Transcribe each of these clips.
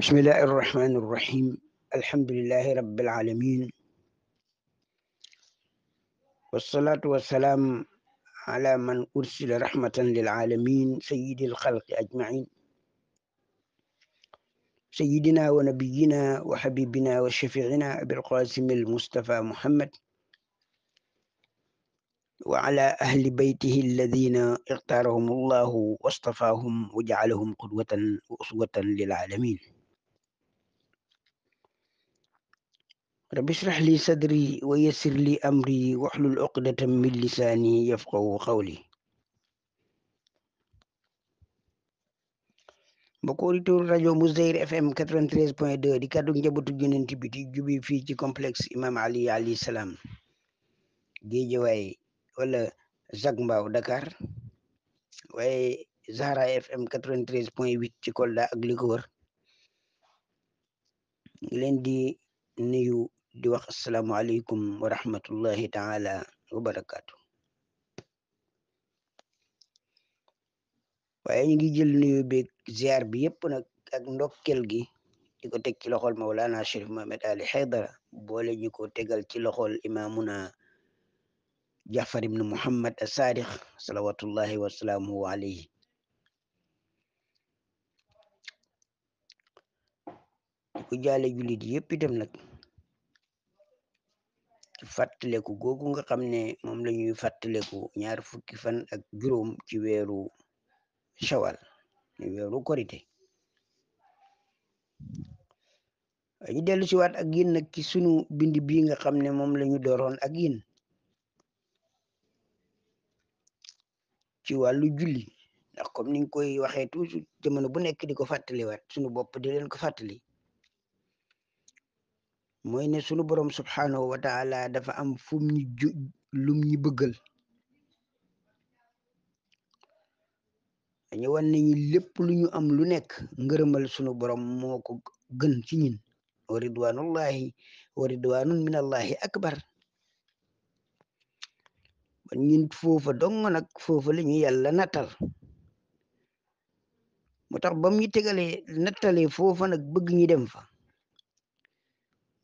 bismillahi irrahmani irrahim alhamdulilahi rabilalamin wasalaatu wassalaam ala man ursila rahmatan lilaalamin sayidi alxalqi ajmain sayidina wa nabiyina wa xabibina wa shafiina abilqasim almustafa muhammad wa ala ahli baytihi alladina ixtaarahum allahu wastafaahum wa jacalahum qudwatan wa uswatan lilaalamin rabbi shrah li sadri wa yassir li amri wahlul uqdatan min lisani yafqahu qawli mbokkoritur rajo Mozdahir FM 93.2 di kaddu njabootu Yonent bi di jubi fii ci complex Imam Ali alayhi salaam Géejawaay wala Zac Mbao Dakar waaye Zahra FM 93.8 ci Kolda ak li ko wër leen di nuyu di wax asalaamualeykum wa rahmatullahi taala wa barakaatu waaye ñu ngi jël nuyu beeg ziar bi yëpp nag ak ndokkel gi di ko teg ci loxol Mawlana Chérif Mohamed Ali Haydara boole ñu tegal ci loxol imaamuna jafar ibn Muhammad as-Saadiq salawatullahi wasalaamuhu alayhi di ko jaale jullit yëpp itam nag ci googu nga xam ne moom la ñuy fàttaleku ñaar fukki fan ak juróom ci weeru shawal ci weeru korite ñu dellu si waat ak yéen nag ci sunu bind bi nga xam ne moom la ñu dooroon ak yéen ci wàllu julli ndax comme niñ koy waxee toujours jamono bu nekk di ko fàttaliwaat sunu bopp di ko fàttali mooy ne sunu borom subhanahu wa dafa am fum ñu ju lum ñu bëggal dañu wan nañu lépp lu ñu am lu nekk ngërëmal sunu borom moo ko gën ci ñin wa ridwanullahi wa ridwanun min allahi akbar ba foofa dong nag foofa la ñu yàlla nattal tax bam ñu tegalee nattalee foofa nag bëgg ñi dem fa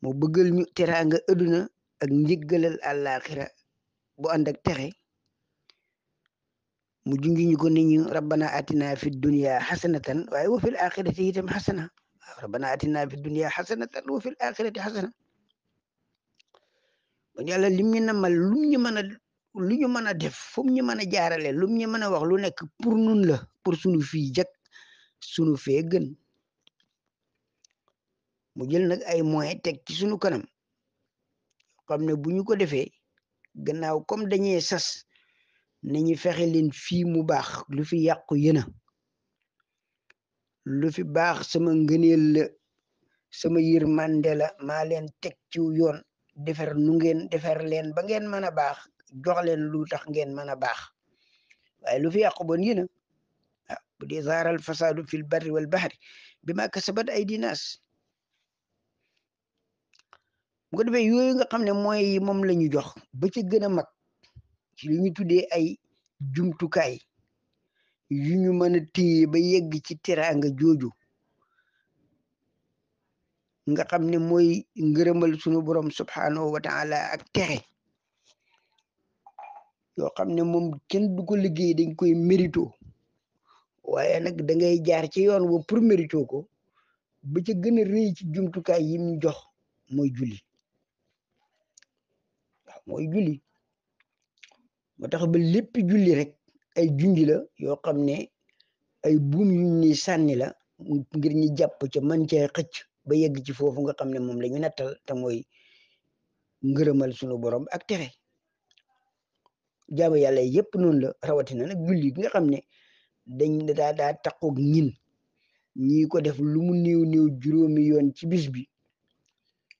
o bëggal ñu teraanga adduna ak njëggalal àllaaxira bu ànd ak texe mu ju ñu ko nit rabbana atina fi dunya xasanatan waaye wa fil axirati itam xasana waaw rabbana atina fi dunya xasanatan wa fil axirati xasana bu yàlla lim ñu namal lum ñu mën a lu ñu mën a def fu ñu mën a jaarale lum mën a wax lu nekk pour nun la pour sunu fii jak gën mu jël nag ay moyens teg ci sunu kanam xam ne bu ñu ko defee gannaaw comme dañee sas nañu fexe leen fii mu baax lu fi yàqu yéna lu fi baax sama ngëneel la sama yërmande la maa leen teg ci yoon defar nu ngeen defar leen ba ngeen mën a baax jox leen lu tax ngeen mën a baax waaye lu fi yàqu bon yéna ah, bu dee zaaral fasaadu fil barri wal bahri bi ma kasabat ay dinaas bu ko yooyu nga xam ne moyens yi moom la ñu jox ba ca gën a mag ci li ñu tuddee ay jumtukaay yu ñu mën a téye ba yegg ci teraanga jooju nga xam ne mooy ngërëmal sunu borom subhaanahu wa taala ak texe yoo xam ne moom kenn du ko liggéey dañ koy mérito waaye nag da ngay jaar ci yoon wa pour mérito ko ba ca gën a rëy ci jumtukaay yi mu jox mooy julli mooy julli moo tax ba lépp julli rek ay junji la yoo xam ne ay buum yu ni sànni la ngir ñi jàpp ca man cee xëcc ba yegg ci foofu nga xam ne moom la ñu nattal te mooy ngërëmal sunu borom ak texe jaamu yàlla yëpp noonu la rawatina nag julli gi nga xam ne dañ daa daa taqoog ñin ñii ko def lu mu néew néew juróomi yoon ci bis bi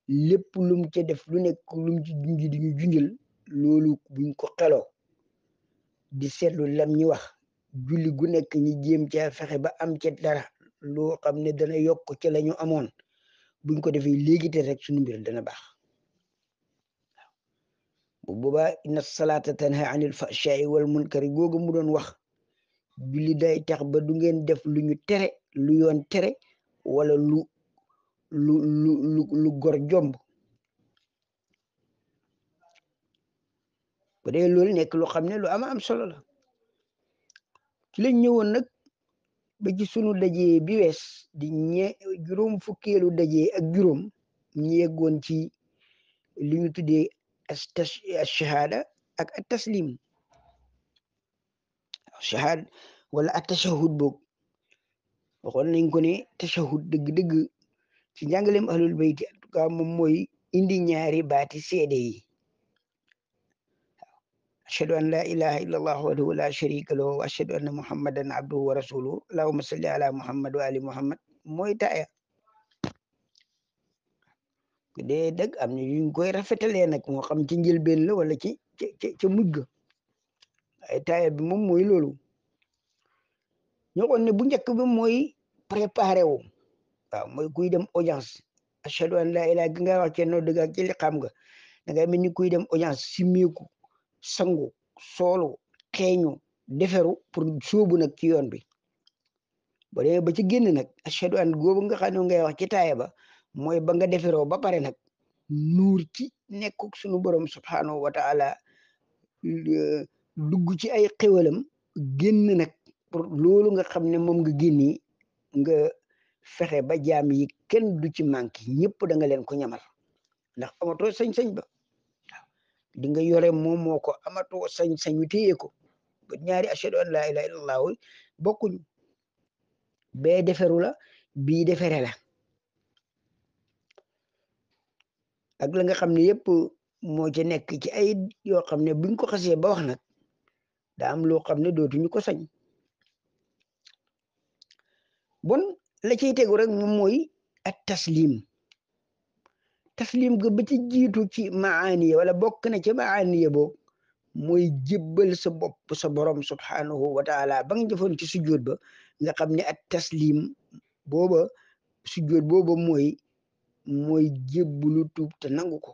lépp lum ca def lu nekk lum ci junj di ñu loolu buñ ko xeloo di seetlu lam ñi wax julli gu nekk ñi jéem caa fexe ba am ca dara loo xam ne dana yokk ca la ñu amoon buñ ko defee léegi te rek suñu mbir dana baax bu boobaa inna salaata tanha anil fahshaa'i wal munkari googu mu doon wax julli day tax ba du ngeen def lu ñu tere lu yoon tere wala lu lu jomb bu dee loolu nekk lu xam ne lu ama am solo la ci lañ ñëwoon nag ba ci sunu dajee bi wees di ñe juróom fukkeelu ak juróom ñu yeggoon ci li ñu tuddee ash-shahaada ak at-taslim shahaad wala at-tashahud boog waxoon nañ ko tashahud dëgg-dëgg ci njàngaleem ahlul bayti en tout cas moom mooy indi ñaari baati seede yi an la ilaha illa allah wahdahu la sharika lahu wa ashhadu anna muhammadan abduhu wa rasuluhu allahumma salli ala muhammad wa muhammad mooy taaya dee dëgg am na yuñ koy rafetalee nag moo xam ci njëlbeen la wala ci ci ci mujj ay taaya bi moom mooy loolu ñu xoon ne bu njëkk bi waaw mooy kuy dem audience ashadu an laa ilaaha gi nga wax ci noo dëgg ak ci li xam nga da ngay mel ni kuy dem audience simmiku sangu soolu xeeñu deferu pour sóobu nag ci yoon bi ba demee ba ci génn nag ashadu an goobu nga xam ne ngay wax ci taaya ba mooy ba nga deferoo ba pare nag nuur ci nekkuk sunu borom subhanahu wa taala dugg ci ay xewalam génn nag pour loolu nga xam ne moom nga génni nga fexe ba jaam yi kenn du ci manqué ñëpp da nga leen ko ñamal ndax amato sañ-sañ ba waaw di nga yore moom moo ko amatoo sañ sañ téye ko ba ñaari ashhadu an laa ilaaha illallah bokkuñu bee deferu la bii defere la ak la nga xam ne yépp moo ci nekk ci ay yoo xam ne biñ ko xasee ba wax nag daa am loo xam ne dootuñu ko sañ bon la ciy tegu rek moom mooy at taslim taslim ga ba ci jiitu ci maaniya wala bokk na ci maaniya boobu mooy jébbal sa bopp sa borom subhanahu wa ba nga jëfoon ci sujjóot ba nga xam ne at taslim booba sujjóot booba mooy mooy lu tub te nangu ko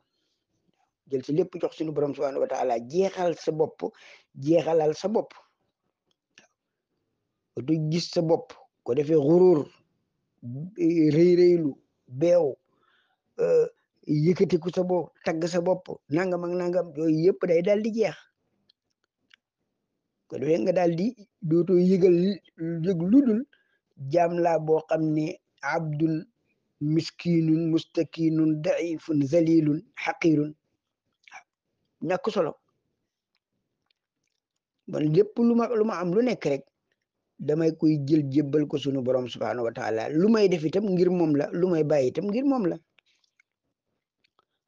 jël si lépp jox suñu borom subhanahu wa taala jeexal sa bopp jeexalal sa du gis sa bopp ko defee xuruur rëy rëylu beew euh, yëkkatiku sa bopp tagg sa nangam ak nangam yooyu yëpp day daal di jeex ko defee nga daal di dootoo yëgal yëg ludul jaam laa boo xam ni abdul miskinun mustakinun daifun zalilun xaqirun ñàkk solo bon lu ma lu ma am lu nekk rek damay koy jël jébbal ko sunu borom subhaanahu wa lu may def itam ngir moom la lu may bàyyi itam ngir moom la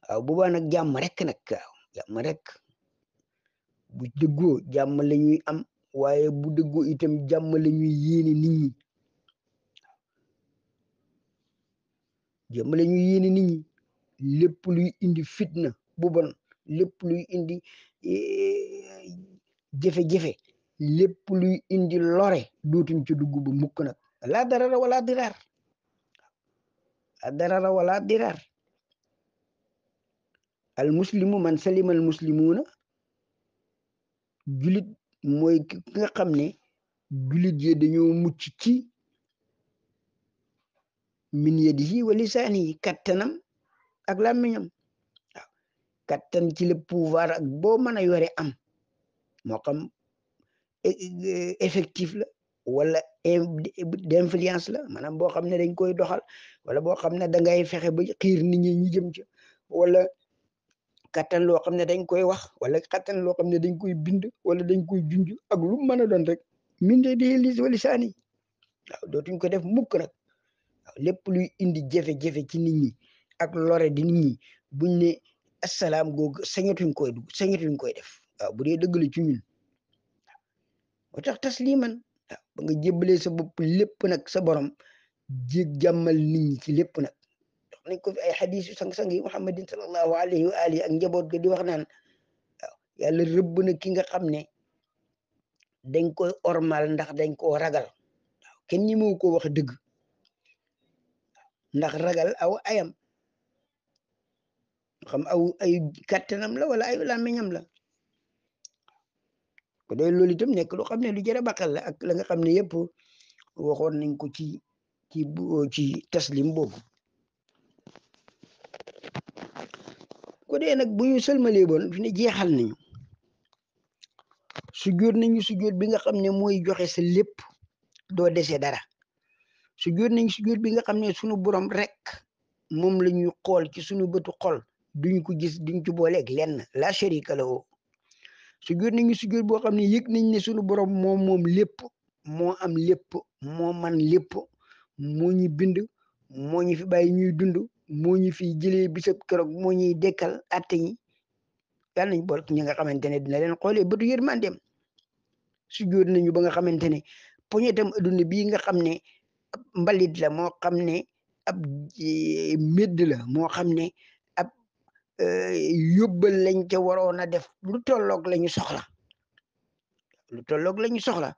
waaw boobaa nag jàmm rek nag waaw rek bu dëggoo jàmm la ñuy am waaye bu dëggoo itam jàmm la ñuy yéene nit ñi jàmm la ñuy yéene nit lépp luy indi fitna bu bon lépp luy indi eh, jafe-jafe lépp luy indi lore duutuñ ci dugg bu mukk nag laa darara wala diraar laa darara wala diraar al muslimu man salima al muslimuuna julit mooy ki nga xam ne julit yi dañoo mucc ci min yadihi wa lisaanihi kattanam ak làmmiñam waaw kattan ci le pouvoir ak boo mën a yore am moo xam E, e, e, effectif la wala d'influence la maanaam boo xam ne dañ koy doxal wala boo xam ne da ngay fexe ba xiir nit ñi ñu jëm ci wala kattan loo xam ne dañ koy wax wala kattan loo xam ne dañ koy bind wala dañ koy junj ak lu mën a doon rek min de di lis wali saani dootuñ ko def mukk nag waaw lépp luy indi jafe-jafe ci nit ñi ak lore di nit ñi buñ ne asalaam googu sañatuñ koy dugg sañatuñ koy def waaw bu dee dëgg la ci ñun wa tax tasliman ba nga jébbalee sa bopp lépp nag sa borom jéeg jàmmal nit ci lépp nag dox nañ ko fi ay xadis yu sang-sang yi muhammadin sallallahu alayhi wa alihi ak njaboot ga di wax naan waaw yàlla rëbb na ki nga xam ne dañ koy ormal ndax dañ koo ragal waaw kenn ñi moo ko wax dëgg ndax ragal aw ayam xam aw ay kattanam la wala ay làmmiñam la ko doy loolu itam nekk loo xam ne lu jërë baqal la ak la nga xam ne yëpp waxoon nañ ko ci ci ci taslim boobu ko dee nag bu ñu sëlmalee boon fi ne jeexal nañu sujjóot nañu sujjóot bi nga xam ne mooy joxe sa lépp doo dese dara sujjóot nañ sujjóot bi nga xam ne sunu borom rek moom la ñuy xool ci sunu bëtu xol duñ ko gis duñ ci booleeg lenn la sharika sujjóot nañu sujjóot boo xam ne yëg nañ ne sunu borom moom moom lépp moo am lépp moo man lépp moo ñu bind moo ñi fi bàyyi ñuy dund moo ñu fi jilee bisab keroog moo ñuy dekkal atte ñi yàlla nañ boole ñi nga xamante ne dina leen xoolee bëtu yërmandeem sujjóot nañu ba nga xamante ne poñetam adduna bii nga xam ne ab mbalit la moo xam ne ab eh, médd la moo xam ne Eh, yóbbal lañ ca waroon a def lu tolloog lañu soxla lu tolloog lañu soxla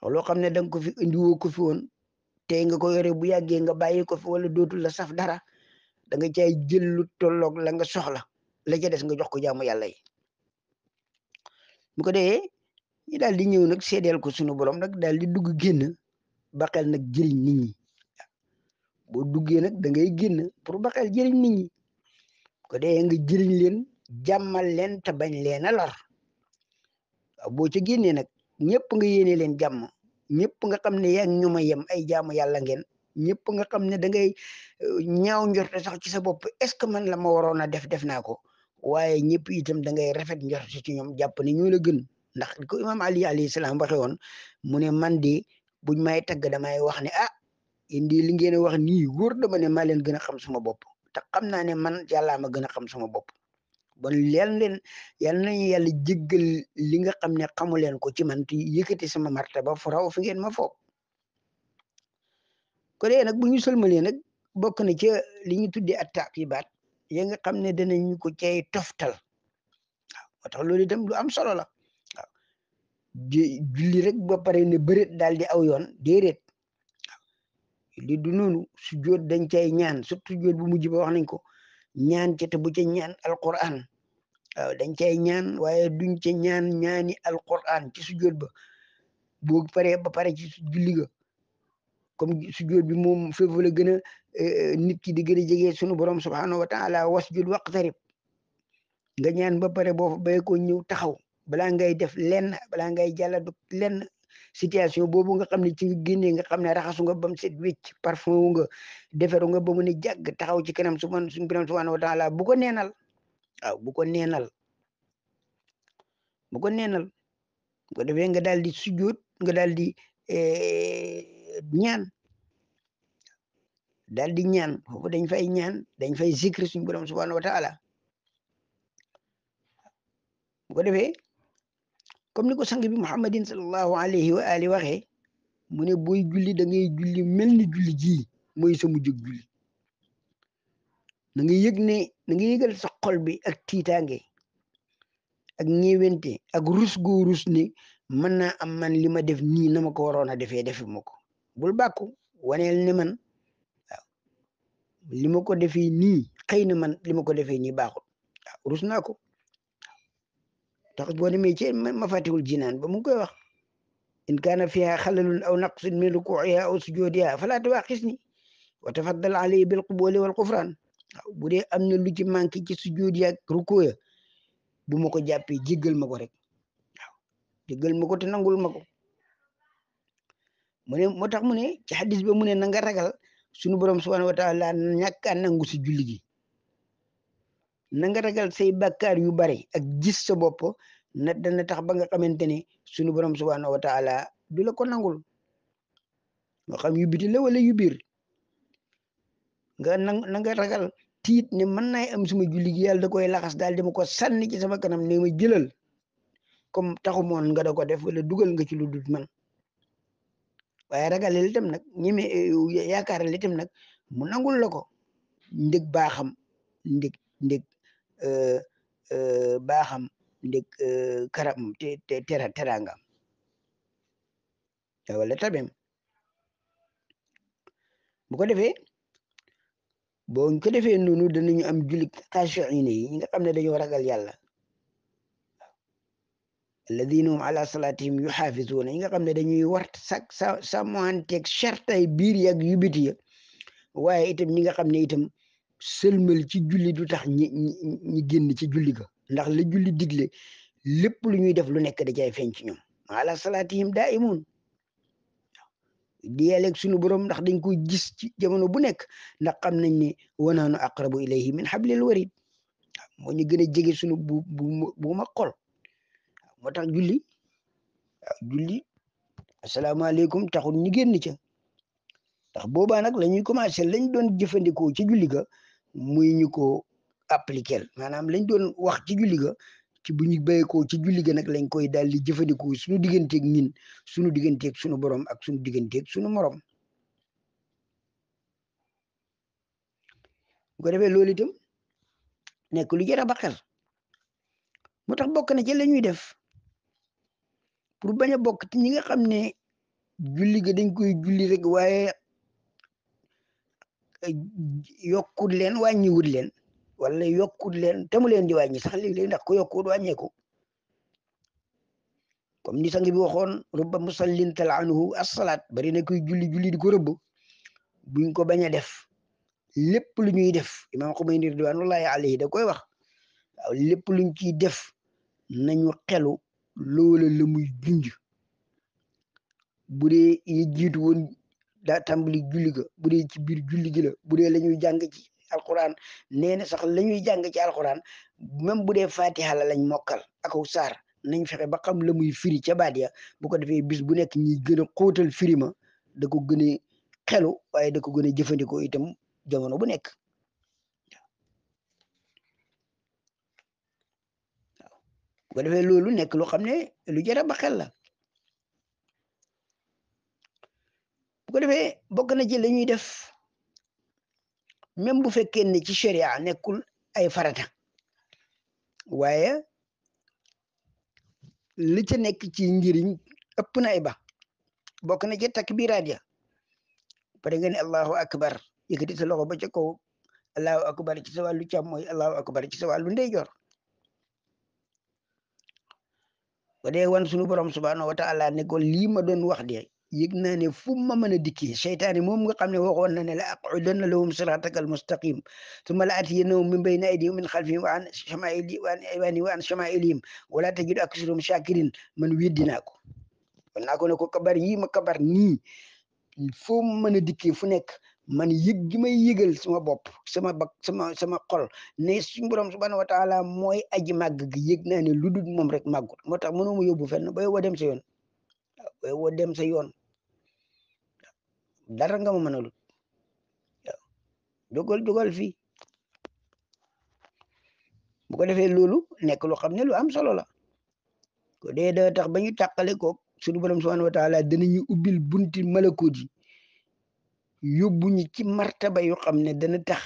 waaw loo xam ne danga ko fi indiwoo ko fi woon tey nga ko yore bu yàggee nga bàyyi ko fi wala dootul la saf dara da nga cay jël lu tolloog la nga soxla la ca des nga jox ko jaamu yàlla yi bu ko dee ñi daal di ñëw nag seedeel ko sunu borom nag daal di dugg génn ba xel nag jëriñ nit ñi boo duggee nag da génn pour ba xel jëriñ nit ñi ko dee nga jëriñ leen jàmmal leen te bañ leen a lor waaw boo ci génnee nag ñëpp nga yéene leen jàmm ñëpp nga xam ne yaa ngi ma yem ay jaamu yàlla ngeen ñëpp nga xam ne da ngay euh, ñaaw njorte sax ci sa bopp est ce que man la ma waroon a def def naa ko waaye ñëpp itam da ngay rafet njorte ci ñoom jàpp ne ñoo la gën ndax ko imaam Ali alayhi salaam waxe woon mu ne man di buñ may tagg damay wax ne ah indi li ngeen a wax nii wóor dama ne maa leen gën a xam suma bopp. te xam naa ne man yàllaa ma gën a xam sama bopp bon leen leen yal nañu yàlla jéggal li nga xam ne xamu leen ko ci man te yëkkati sama martaba fu raw fi ngeen ma foog ko dee nag bu ñu sëlmalee nag bokk na ca li ñu tuddee at taakibaat ya nga xam ne danañu ko cay toftal waaw moo tax loolu itam lu am solo la waaw julli rek ba pare ne bëreet daal di aw yoon déedéet li du noonu sujjoot dañ cay ñaan surtout sujjoot bu mujj ba wax nañ ko ñaan ca te bu ca ñaan alquran waaw dañ cay ñaan waaye duñ ca ñaan ñaani alquran ci sujjoot ba boo paree ba pare ci julli ga comme bi moom foofu la gën a eh, nit ki di gën a jege sunu borom subhanahu wa taala wasjud waqtarib nga ñaan ba pare boo fa bay ñëw taxaw balaa ngay def lenn balaa ngay jàllale lenn situation boobu nga xam ne ci nga génnee nga xam ne raxasu nga ba mu set wécc parfum nga deferu nga ba mu ne jàgg taxaw ci kanam su man suñu borom subhanahu wa taala bu ko neenal bu ko neenal bu ko neenal bu defee nga daal di sujjoot nga daal di eh, ñaan daldi di ñaan foofu dañ fay ñaan dañ fay zikri suñu borom subhanahu wa comme ni ko sang bi muhammadin sallallahu alayhi wa ali waxee mu ne booy julli da ngay julli mel ni julli ji mooy sa mujjug julli na nga yëg ne na nga bi ak tiitaange ak ñeewente ak rus goo rus ne mën naa am man li ma def nii na ma ko waroon a defee defi ma ko bul bàkku wanel ne man waaw li ma ko defee nii xëy na man li ma ko defee nii baaxul waaw rus naa ko tax boo demee ci mafatihul jinaan ba mu ngi koy wax in fi fiha xalalun aw naqsun min rukuuiha aw sujuudiha fala tuwaaqisni wa tafaddal alayhi bil qubuli wal kufraan waaw bu dee am na lu ci manqué ci sujuud ya ak ruku ya bu ma ko jàppee jéggal ma ko rek waaw jéggal ma nangul ma ko mu ne moo tax mu ne ci mu ne na nga ragal sunu borom subhaanahu wa taala ñàkk a nangu si julli gi na nga ragal say bakkaar yu bare ak gis sa bopp na tax ba nga xamante ne sunu borom subhaanahu wa taala du la ko nangul nga xam yu biti wala yu biir nga na nga ragal tiit ne mën naay am suma julli gi yàlla da koy laxas daal dama ko sànni ci sama kanam ne ma jëlal comme taxu moon nga da ko def wala dugal nga ci lu dul man waaye ragal li tam nag ñeme yaakaar li tam nag mu nangul la ko ndég baaxam ndég ndég Eh, eh, baaxam ndeg eh, karam te tera terangam wala tabem bu ko defee boo ko defee noonu danañu am julli xaashiin yi ñi nga xam ne dañoo ragal yàlla alladina hum ala salatihim yuxaafizuuna yi nga xam ne dañuy war sa sa sa moanteeg chartay biir yag yu biti ya waaye itam nga xam ne itam sëlmal ci julli du tax ñi génn ci julli ga ndax la julli digle lépp lu ñuy def lu nekk da cay feeñ ci ñoom ala salaatihim daa imun di yàlla ak sunu borom ndax dañ koy gis ci jamono bu nekk ndax xam nañ ne wanaanu aqrabu ilayhi min hablil warid moo ñu gën a jege sunu bu bu bu ma xol moo tax julli julli asalaamaaleykum taxul ñu génn ci ndax boobaa nag la ñuy commencé lañ doon jëfandikoo ci julli ga muy ñu ko appliquer maanaam lañ doon wax ci julli ga ci bu ñu béykoo ci julli ga nag lañ koy daal di jëfandikoo suñu digganteeg ñin suñu digganteeg suñu borom ak suñu digganteeg suñu morom bu ko defee loolu itam nekk lu jar a ba xel moo tax bokk na ci la ñuy def pour bañ a bokk ci ñi nga xam ne julli ga dañ koy julli rek waaye yokkut leen wàññiwut leen wala yokkut leen te mu leen di wàññi sax léeg-léeg ndax ku yokkut wàññeeku comme ni sang bi waxoon rubba musallin talanuhu assalaat bari na kuy julli julli di ko rëbb buñ ko bañ a def lépp lu ñuy def imaam Xumayni ridwanullahi alayhi da koy wax waaw lépp luñ ciy def nañu xelu loola la junj bu dee yi daa tàmbali julli ga bu dee ci biir julli gi la bu dee la ñuy jàng ci alquran nee na sax la ñuy jàng ci alquran même bu dee fatiha la lañ mokkal akaw saar nañ fexe ba xam la muy firi ca baat ya bu ko defee bis bu nekk ñiy gën a xóotal firi ma da ko gën a xelu waaye da ko gën a jëfandikoo itam jamono bu nekk waaw bu ko nekk lu xam ne lu jar a ba xel la ko defee bokk na ci la ñuy def même bu fekkee ne ci sharia nekkul ay farata waaye li ci nekk ci njëriñ ëpp na ay ba bokk na ci takbiraat ya pare nga ne allahu akbar yëkkati sa loxo ba ca kaw allahu akbar ci sa wàllu càmmooy allahu akbar ci sa wàllu ndeyjoor ba dee wan sunu borom subhanahu wa ne ko lii ma doon wax yëg naa ne fu ma mën a dikkee seytaane moom nga xam ne waxoon na ne la aqudanna lahum siraataka almustaqim summa la atiyannahum min bayni aydihim min xalfihim wa an shamaa'ili wa an aymaani wa an shamaa'ilihim wala tajidu aksarahum shakirin man weddi naa ko wan naa ko ne ko kabar yii ma kabar ni foo ma mën a dikkee fu nekk man yëg gi may yëgal sama bopp sama bak sama sama xol ne suñu borom subhanahu wa taala mooy aji màgg gi yëg naa ne lu dul moom rek màggut moo tax mënuma yóbbu fenn ba yow dem sa yoon ba dem sa yoon dara nga ma mënalut waaw jógal jógal fi bu ko defee loolu nekk lu xam ne lu am solo la ko dee da tax ba ñu tàqale ko suñu borom subhanahu wa taala danañu ubbil bunti malakut yi yóbbu ñu ci martaba yu xam ne dana tax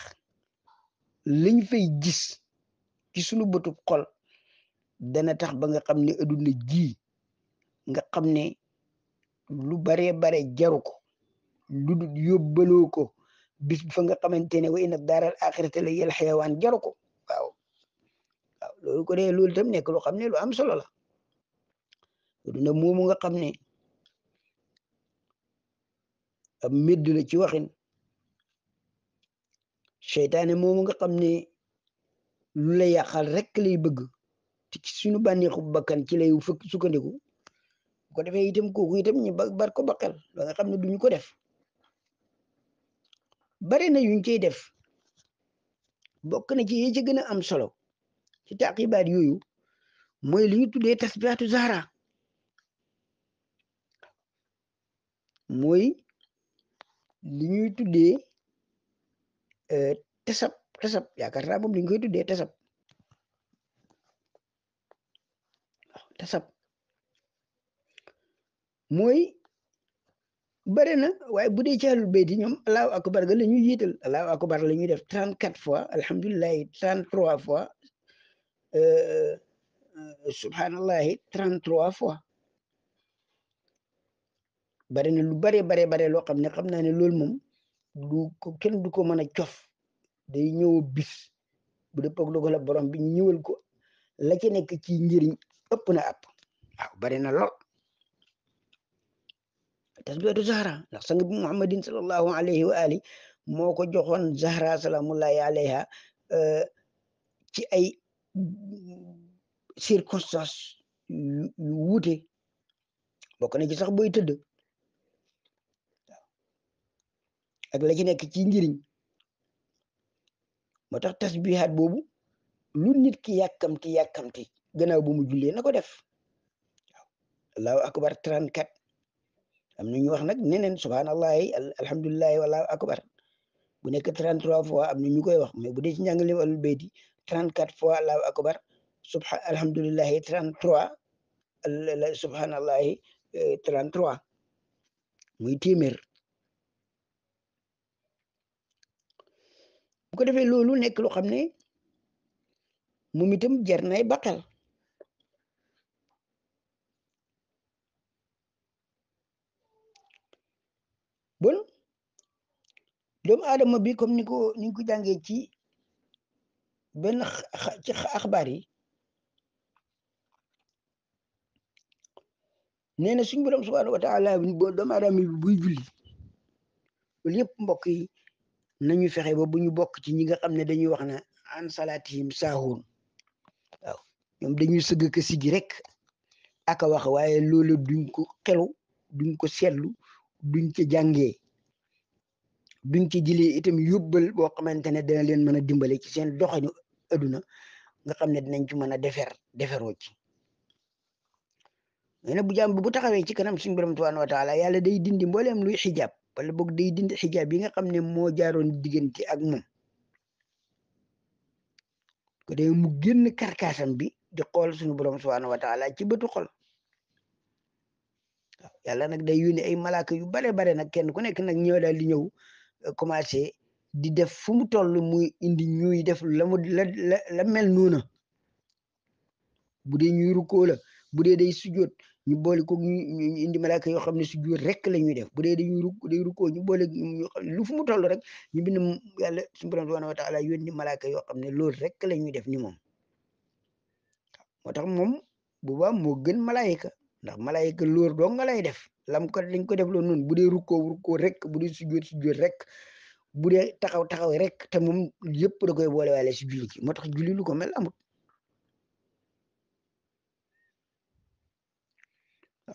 lañ fay gis ci sunu bëtub xol dana tax ba nga xam ne adduna ji nga xam ne lu baree bare jaru ko lu dul yóbbaloo ko bis fa nga xamante ne wa inna daaral axirata la yal xayawaan jaru ko waaw waaw ko loolu tam nekk lu xam ne lu am solo la duna moomu nga xam ne ab medd la ci waxin seytaane moomu nga xam ne lu la yàqal rek lay bëgg te ci suñu bànneexu bakkan ci lay fëkk sukkandiku bu ko defee itam kooku itam ñu bar ko baqal la nga xam ne duñu ko def bari na yuñ cey def bokk na ci yi ci gën a am solo ci taqibaat yooyu mooy li ñu tuddee tasbiatu zahra mooy li ñuy tuddee euh, tasab tasab yaakaar naa moom li ñu koy tuddee tasab tasab mooy bëri na waaye bu dee ci ahlul bayti ñoom allahu akbar ga la ñuy jiital allahu akbar la ñuy def trente quatre fois alhamdulilahi trente trois fois euh, euh, subhanallahi trente trois fois bëri na lu bare bare bare loo xam ne xam naa ne loolu moom du ko kenn du ko mën a cof day ñëw bis bu dee poog dogal la borom bi ñëwal ko la ci nekk ci njëriñ ëpp na àpp waaw bëri na lool tasbiyatu zahra ndax sang bi muhammadin sallallahu alayhi wa moo ko joxoon zahra salaamullahi alayha eh, ci ay circonstance yu wuute bokk na ci sax boy tëdd ak la ci nekk ci njëriñ moo tax tasbihaat bobu lu nit ki yàkkamti yàkkamti gannaaw bu mu jullee na ko def waaw allahu akbar 34 am na ñu wax nag neneen subhaanallahi alhamdulilahi wallahu akbar bu nekk 33 fois am na ñu koy wax mais bu dee ci njàngale alul bayti 34 fois allahu akbar subha alhamdulilahi 33 subhaanallahi 33 eh, muy téeméer bu ko defee loolu nekk lu xam ne moom itam jar nay baqal doomu aadama bi comme ni ko ni ko jàngee ci benn ci axbaar yi nee na suñu borom subhaanahu wa taala bo doomu aadama bi buy julli loolu yëpp mbokk yi nañu fexe ba bu ñu bokk ci ñi nga xam ne dañuy wax na an salaatihim saahuun waaw ñoom dañuy sëgg ka sigi rek aka wax waaye loolu duñ ko xelu duñ ko seetlu duñ ca jàngee duñ ci jëlee itam yóbbal boo xamante ne dana leen mën a dimbale ci seen doxinu adduna nga xam ne dinañ ci mën a defer deferoo ci nee na bu jàmm bu taxawee ci kanam suñu borom subhanahu wa taala yàlla day dindi mbooleem luy xijaab wala boog day dindi xijaab yi nga xam ne moo jaaroon diggante ak moom ko day mu génn karkaasam bi di xool suñu borom subhanahu wa taala ci bëtu xol waaw yàlla nag day yónni ay malaaka yu bare bare nag kenn ku nekk nag ñëw daal di ñëw Euh, commencé di def fu mu toll muy indi ñuy def la mu la la mel noonu bu dee ñuy rukkoo bu dee day sujjoot ñu boole ko ñu indi malaaka yoo xam ne sujjoot rek la ñuy def bu dee dañuy ruk day ñu boole ñu lu fu mu toll rek ñu bind yàlla subhaanahu wa taala yónni malaaka yoo xam ne loolu rek la ñuy def ni moom moo tax moom bu baax moo gën malaayika ndax malaayika loolu dong nga lay def lam ko dañ ko def loo noonu bu dee rukkoo rukkoo rek bu dee sujjoot sujjoot rek bu dee taxaw taxaw rek te moom yëpp da koy boole waale si julli moo tax julli lu ko mel amut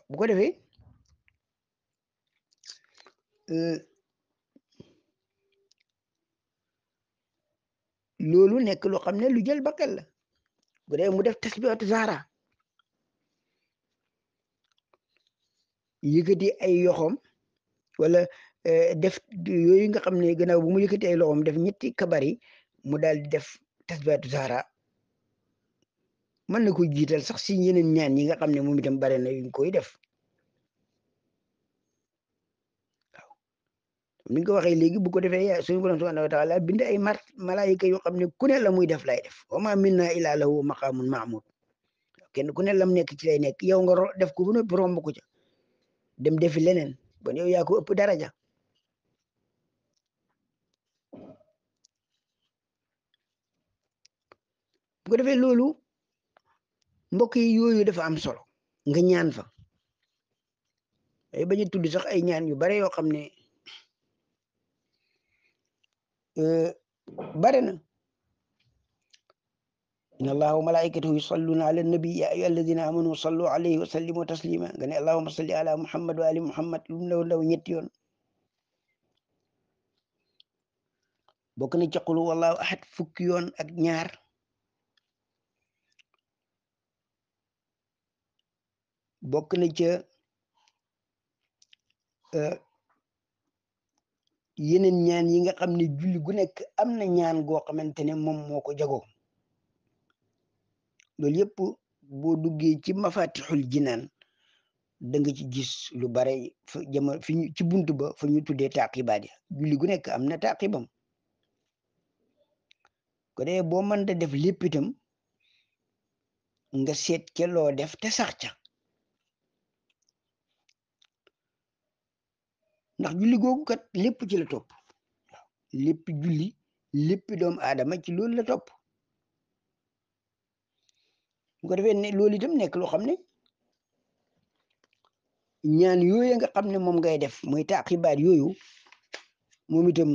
bu ko defee euh, loolu nekk loo xam ne lu jël bakkel la bu mu def tasbiatu zahra yëkkati ay yoxoom wala eh, def yooyu nga xam ne gannaaw bu mu yëkkati ay loxoom def ñetti kabari mu daal di def tasbihatu zahra man na koy jiital sax si yeneen ñaan yi nga xam ne moom itam bare na yuñ koy def waaw ni nga waxee léegi bu ko defee yaa suñu borom subhanahu wa taala bind ay mar malaayika yoo xam ne ku ne la muy def lay def wa ma minna illa lahu maqaamun mahmud kenn ku ne lam nekk ci lay nekk yow nga def ko bu noppi ko ca dem defi leneen bon yow yaa ko ëpp daraja bu ko defee loolu mbokk yi yooyu dafa am solo nga ñaan fa ay bañu tudd sax ay ñaan yu bare yoo xam ne euh, bare na inna allaha wa malaikatahu yusalluna ala nabi ya ayyuha alladina amanu sallu alayhi wa sallimu taslima nga ne allahuma salli ala muhammad wa ali muhammad lu mu ndaw ndaw ñetti yoon bokk na ci qul wallahu ahad fukki yoon ak ñaar bokk na ca e, yeneen ñaan yi nga xam ne julli gu nekk am na ñaan goo xamante ne moom moo ko jagoo loolu yëpp boo duggee ci mafatixul jinaan da nga ci gis lu bare fa jamono ci bunt ba fa ñu tuddee taaqibaat ya julli gu nekk am na taaqibam ko dee boo mënta def lépp itam nga seet ca loo def te sax ca ndax julli googu kat lépp ci la topp lépp julli lépp doomu aadama ci loolu la topp bu ko defee ne loolu itam nekk loo xam ne ñaan yooyu nga xam ne moom ngay def muy taaxibaat yooyu moom itam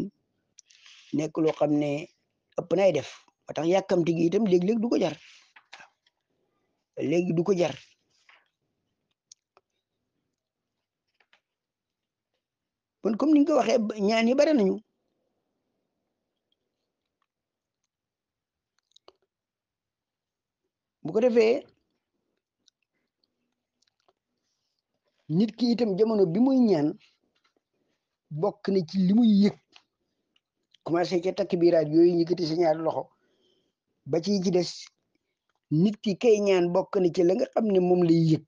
nekk loo xam ne ëpp nay def ba tax yàkkamti gi itam léeg-léeg du ko jar léegi du ko jar bon comme ni nga ko waxee ñaan yi bare nañu bu ko defee nit ki itam jamono bi muy ñaan bokk na ci li muy yëg commencé ca takk biiraat yooyu yëkkati sa ñaari loxo ba ci ci des nit ki kay ñaan bokk na ci la nga xam ne moom lay yëg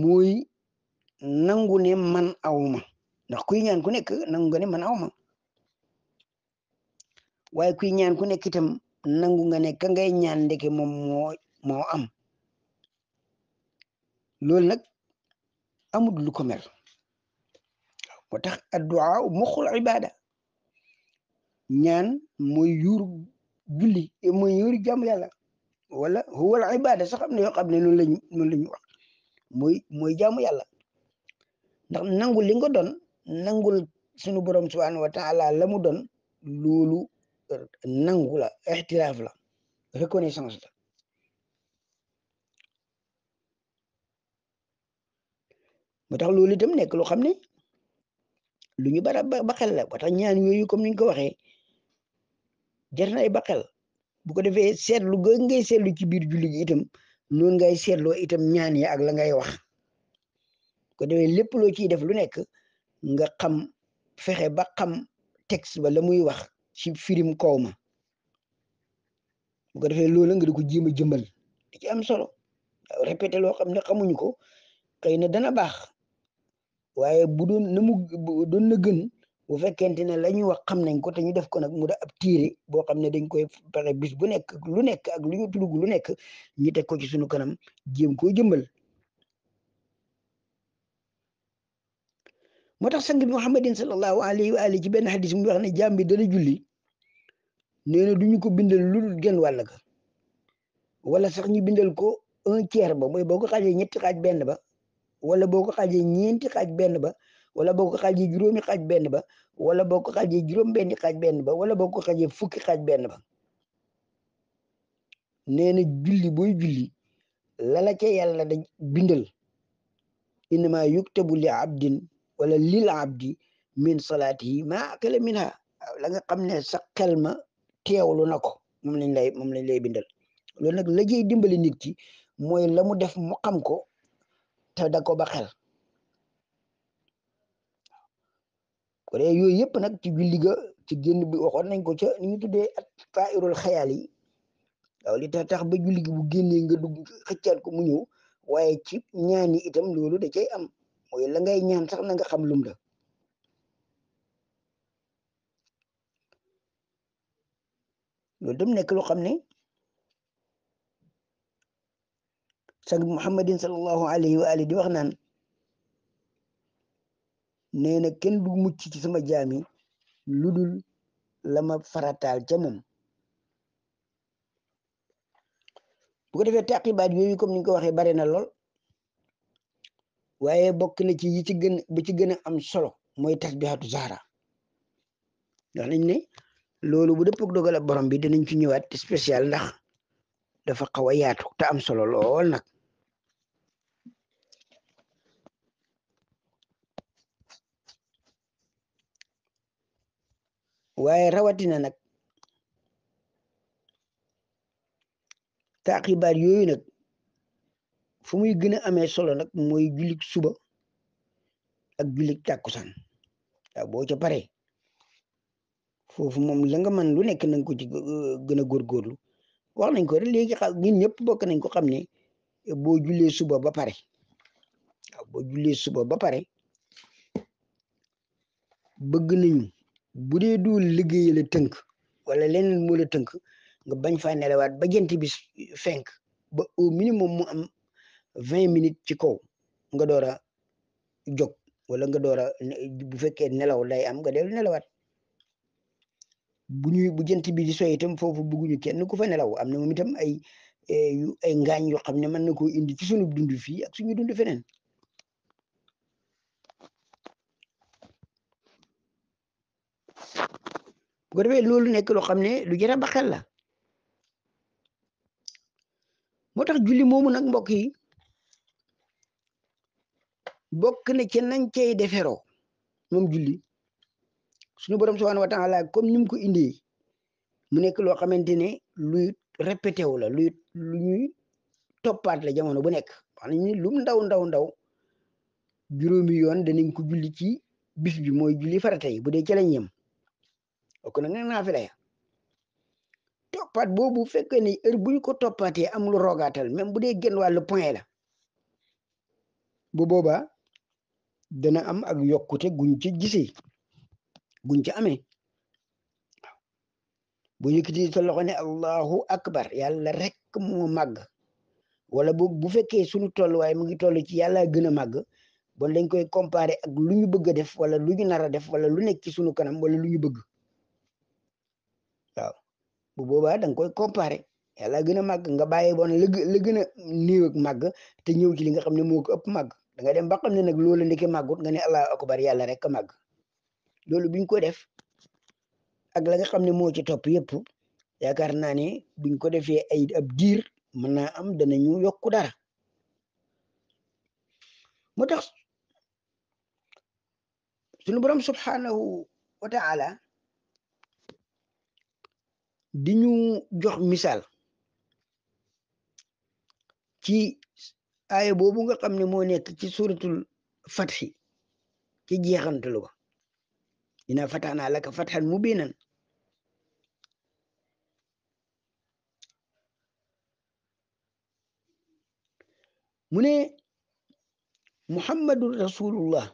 muy nangu ne man awma ndax kuy ñaan ku nekk nangu nga ne man awma waaye ku ñaan ku nekk itam nangu nga ne ka ngay ñaan ndeke moom moo moo am loolu nag amul lu ko mel moo tax addu'a muxul ibada ñaan mooy yuur julli mooy yuur jàmm yàlla wala huwal ibada sax am na yoo xam ne noonu lañ noonu la ñu wax mooy mooy jàmm ndax nangu li nga doon nangul sunu borom subhanahu wa taala la mu doon loolu nangu la ixtilaaf la reconnaissance la moo tax loolu itam nekk loo xam ne lu ñu bara ba xel la ba tax ñaan yooyu comme ni ñu ko waxee jar na ay ba xel bu ko defee seetlu ga ngay seetlu ci biir julli gi itam noonu ngay seetloo itam ñaan ya ak la ngay wax bu ko defee lépp loo ciy def lu nekk nga xam fexe ba xam texte ba la muy wax ci firim kaw ma bu defee loola nga di ko jéem a jëmbal di ci am solo répété loo xam ne xamuñu ko xëy na dana baax waaye bu doon na mu doon na gën bu fekkente ne la ñuy wax xam nañ ko te def ko nag mu da ab téere boo xam ne dañ koy pare bis bu nekk lu nekk ak lu ñu tudd lu nekk ñu teg ci suñu kanam jéem koo jëmbal moo tax sang bi Muhammadin sallallahu alayhi wa alihi ci benn xadis mu wax ne jaam bi dana juli nee na ko bindal lu dul genn wàll ga wala sax ñu bindal ko un tiers ba mooy boo ko xaajee ñetti xaaj benn ba wala boo ko xaajee ñeenti xaaj benn ba wala boo ko xaajee ba wala boo ko xaajee juróom benni xaaj benn ba wala boo ko fukki xaaj benn ba nee na julli booy julli lala ca yàlla da bindal innama yuktabu li abdin wala lil abdi min salaatihi ma akala minha la nga xam ne sa xel teewlu na ko moom lañ lay moom lañ lay bindal loolu nag lajey dimbali nit ki mooy la mu def mu xam ko te da ko ba xel ko dee yooyu yëpp nag ci julli ga ci génn bi waxoon nañ ko ca ni ñu tuddee at tairul xayaal yi waaw li tax ba julli gi bu génnee nga dugg xëccaat ko mu ñëw waaye ci ñaani itam loolu da cay am mooy la ngay ñaan sax na nga xam lum la loolu dem nekk loo xam ne sang bi muhammadin sallallahu alayhi wa alihi di wax naan nee na kenn du mucc ci sama jaami ludul la ma farataal ca moom bu ko defee taqibaat yooyu comme ni nga ko waxee bare na lool waaye bokk na ci yi ci gën ba ci gën a am solo mooy tasbihatu zahra ndax nañ ne loolu bu dëppog dogal ak borom bi dinañ ci ñëwaat spécial ndax dafa xaw a yaatu te am solo lool nag waaye rawatina nag taaxibaat yooyu nag fu muy gën a amee solo nag muy julik suba ak julik tàkkusaan waaw boo ca pare foofu moom langa nga mën lu nekk na nga ko ci gën a góorgóorlu wax nañ ko rek léegi ñëpp bokk nañ ko xam ne boo jullee suba ba pare waaw boo suba ba pare bëgg nañu bu dee du liggéey la tënk wala leneen moo la tënk nga bañ faa nelawaat ba jant bi fenk ba au minimum mu am vingt minutes ci kaw nga door a jóg wala nga door a bu fekkee nelaw lay am nga dellu nelawaat. bu ñuy bu jant bi di soy itam foofu bëgguñu kenn ku fa nelaw am na moom itam ay eh, yu ay ngaañ yoo xam ne mën na koo indi ci sunu dund fii ak suñu dund feneen bu ko defee loolu nekk loo xam ne lu jar a baxel la moo tax julli moomu nag mbokk yi bokk na ci nañ cey deferoo moom julli suñu borom subhanahu wa taala comme ni mu ko indee mu nekk loo xamante ne luy répété wu la luy lu ñuy toppaat la jamono bu nekk wax nañ ni ndaw ndaw ndaw juróomi yoon danañ ko julli ci bis bi mooy julli farata yi bu dee ci lañ yem ok nag naafila toppaat boobu bu fekkee ne heure bu ñu ko toppaatee am lu rogaatal même bu dee genn wàllu point la bu boobaa dana am ak yokkute guñ ci gisee. buñ ci amee bu yëkkati sa loxo ne allahu akbar yàlla rek moo màgg wala bu bu fekkee suñu tolluwaay mu ngi toll ci yàlla gën a màgg bon dañ koy comparer ak lu ñu bëgg a def wala lu ñu nar a def wala lu nekk ci suñu kanam wala lu ñu bëgg waaw bu boobaa da nga koy comparer yàlla gën a màgg nga bàyyi bon la la gën a néew ak te ñëw ci li nga xam ne moo ko ëpp màgg da nga dem ba xam ne nag loola ndeke màggut nga ne allahu akbar yàlla rek a màgg loolu buñ ko def ak la nga xam ne moo ci topp yëpp yaakaar naa ne buñ ko defee ay ab diir mën naa am danañu yokku dara moo tax sunu borom subhanahu wa ta'ala di ñu jox misaal ci aaya boobu nga xam ne moo nekk ci suratul fathi ci jeexantalu ba inna fatahna laka fathan mubinan mu ne muhammadun rasulullah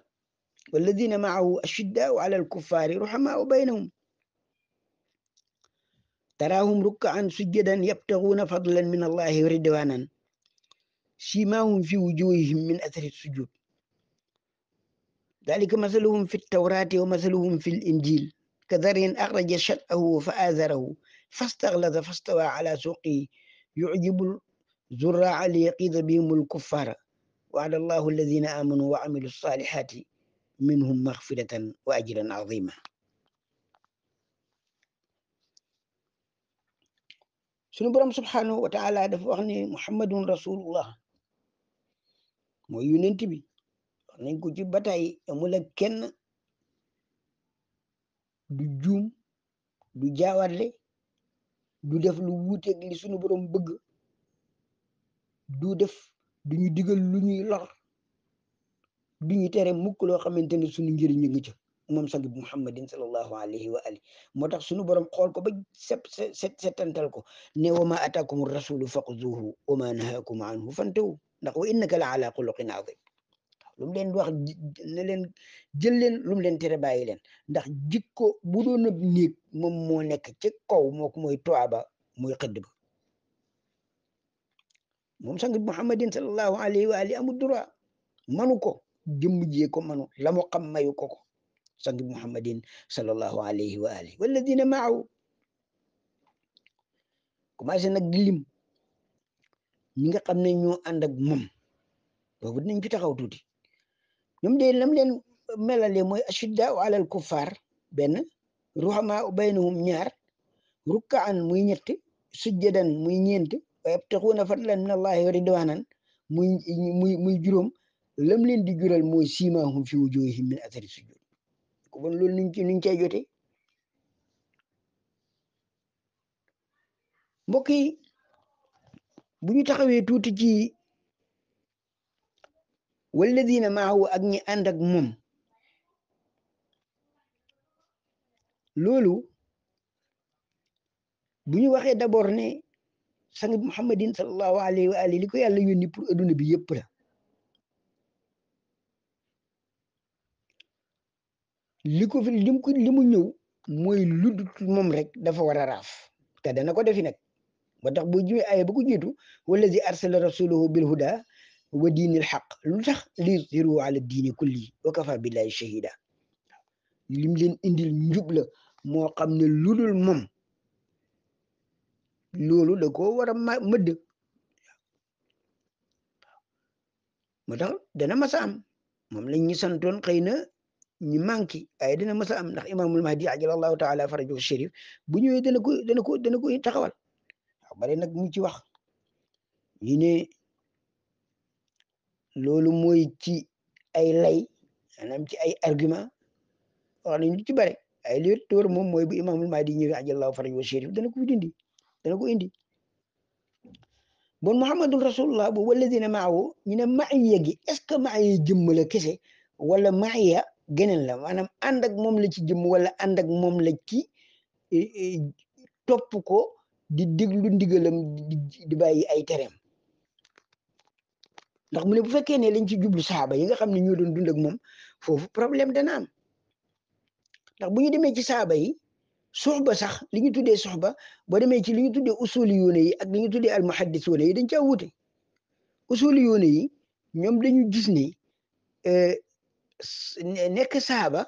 walladina maahu ashiddaau ala alkuffari ruhamaau baynahum taraahum rukkaan sujjadan yabtaguuna fadlan min allahi wa ridwanan siimaahum fi wujuhihim min athari sujud ذلك مثلهم في التوراة ومثلهم في الإنجيل كزرع أخرج شطأه فآزره فاستغلظ فاستوى على سوقه يعجب الزراع ليقيظ بهم الكفار وعلى الله الذين آمنوا وعملوا الصالحات منهم مغفرة وأجرا عظيما sunu borom subhanahu wa taala dafa wax ne muhammadun rasulullah mooy yonent bi nañ ko ci batay amul ak kenn du juum du jaawatle du def lu wuuteeg li sunu borom bëgg du def du ñu digal lu ñu lor du ñu tere mukk loo xamante ne sunu njëriñ ngi ca moom sang bi muhammadin sallallahu alayhi wa ali moo tax sunu borom xool ko ba set set setantal ko ne wa ma ataakum rasulu faqzuhu wa ma nahakum anhu fantahu ndax wa innaka la ala xuluqin azim lu mu leen wax ne leen jël leen lu leen tere bàyyi leen ndax jikko bu doon ab néeg moom moo nekk ci kaw moo mooy toit ba muy xëdd moom sang bi muhammadin sallallahu alayhi wa ali amul droit manu ko jëmm jee ko manu la mu xam mayu ko ko sang bi muhammadin sallallahu alayhi wa ali walladina maahu commencé nag di lim ñi nga xam ne ñoo ànd ak moom boobu dinañ ci taxaw tuuti ñoom de lam leen melale mooy ashidda alal kuffar benn ruhama baynahum ñaar rukkaan muy ñett sujjadan muy ñeent wa yabtaxuuna fadlan min allahi wa ridwanan muy muy juróom lam leen di jural mooy simaahum fi wujuhihim min athari sujud ko bon loolu nuñ ci mbokk yi bu taxawee tuuti ci walladina maahu ak ñi ànd ak moom loolu bu ñu waxee d'abord ne sang bi muhammadin sallallahu alayhi wa alihi li ko yàlla yónni pour adduna bi yëpp la li ko fi lim ko li mu ñëw mooy ludd moom rek dafa war a raaf te dana ko defi nag ba tax bu jiwee aaya ba ko jiitu wallazi arsala rasulahu bil huda wa diinil xaq lu tax li yutiru ala diini kulli wa kafa billahi shahida lim leen indil njub la moo xam ne ludul moom loolu da ko war a mëdd moo tax dana masa am moom lañ ñu santoon xëy na ñu manqué ay dana masa am ndax imaamul mahdi ajalallahu taala farajahu sharif bu ñëwee dana ko dana ko dana ko taxawal waaw bare nag mu ci wax loolu mooy ci ay lay maanaam ci ay argument wax nañ lu ci bare ay li tóor moom mooy bu imaamul Mahdi ñëwee ajallahu faraj wa sharif dana ko indi dana ko indi bon muhammadun rasulullah bu walladina maahu ñu ne maaya gi est ce que maaya jëmm la kese wala maaya geneen la maanaam ànd ak moom la ci jëmm wala ànd ak moom la ci eh, eh, topp ko di déglu ndigalam di bàyyi ay tereem ndax mu bu fekkee ne lañ ci jublu saaba yi nga xam ne ñoo doon dund ak moom foofu problème dana am ndax bu ñu demee ci saaba yi suxba sax li ñu tuddee ba boo demee ci li ñu tuddee usuli yoone yi ak li ñu tuddee almuhaddis yoone yi dañ caa wuute usuli yoone yi ñoom dañu gis euh, ne nekk saaba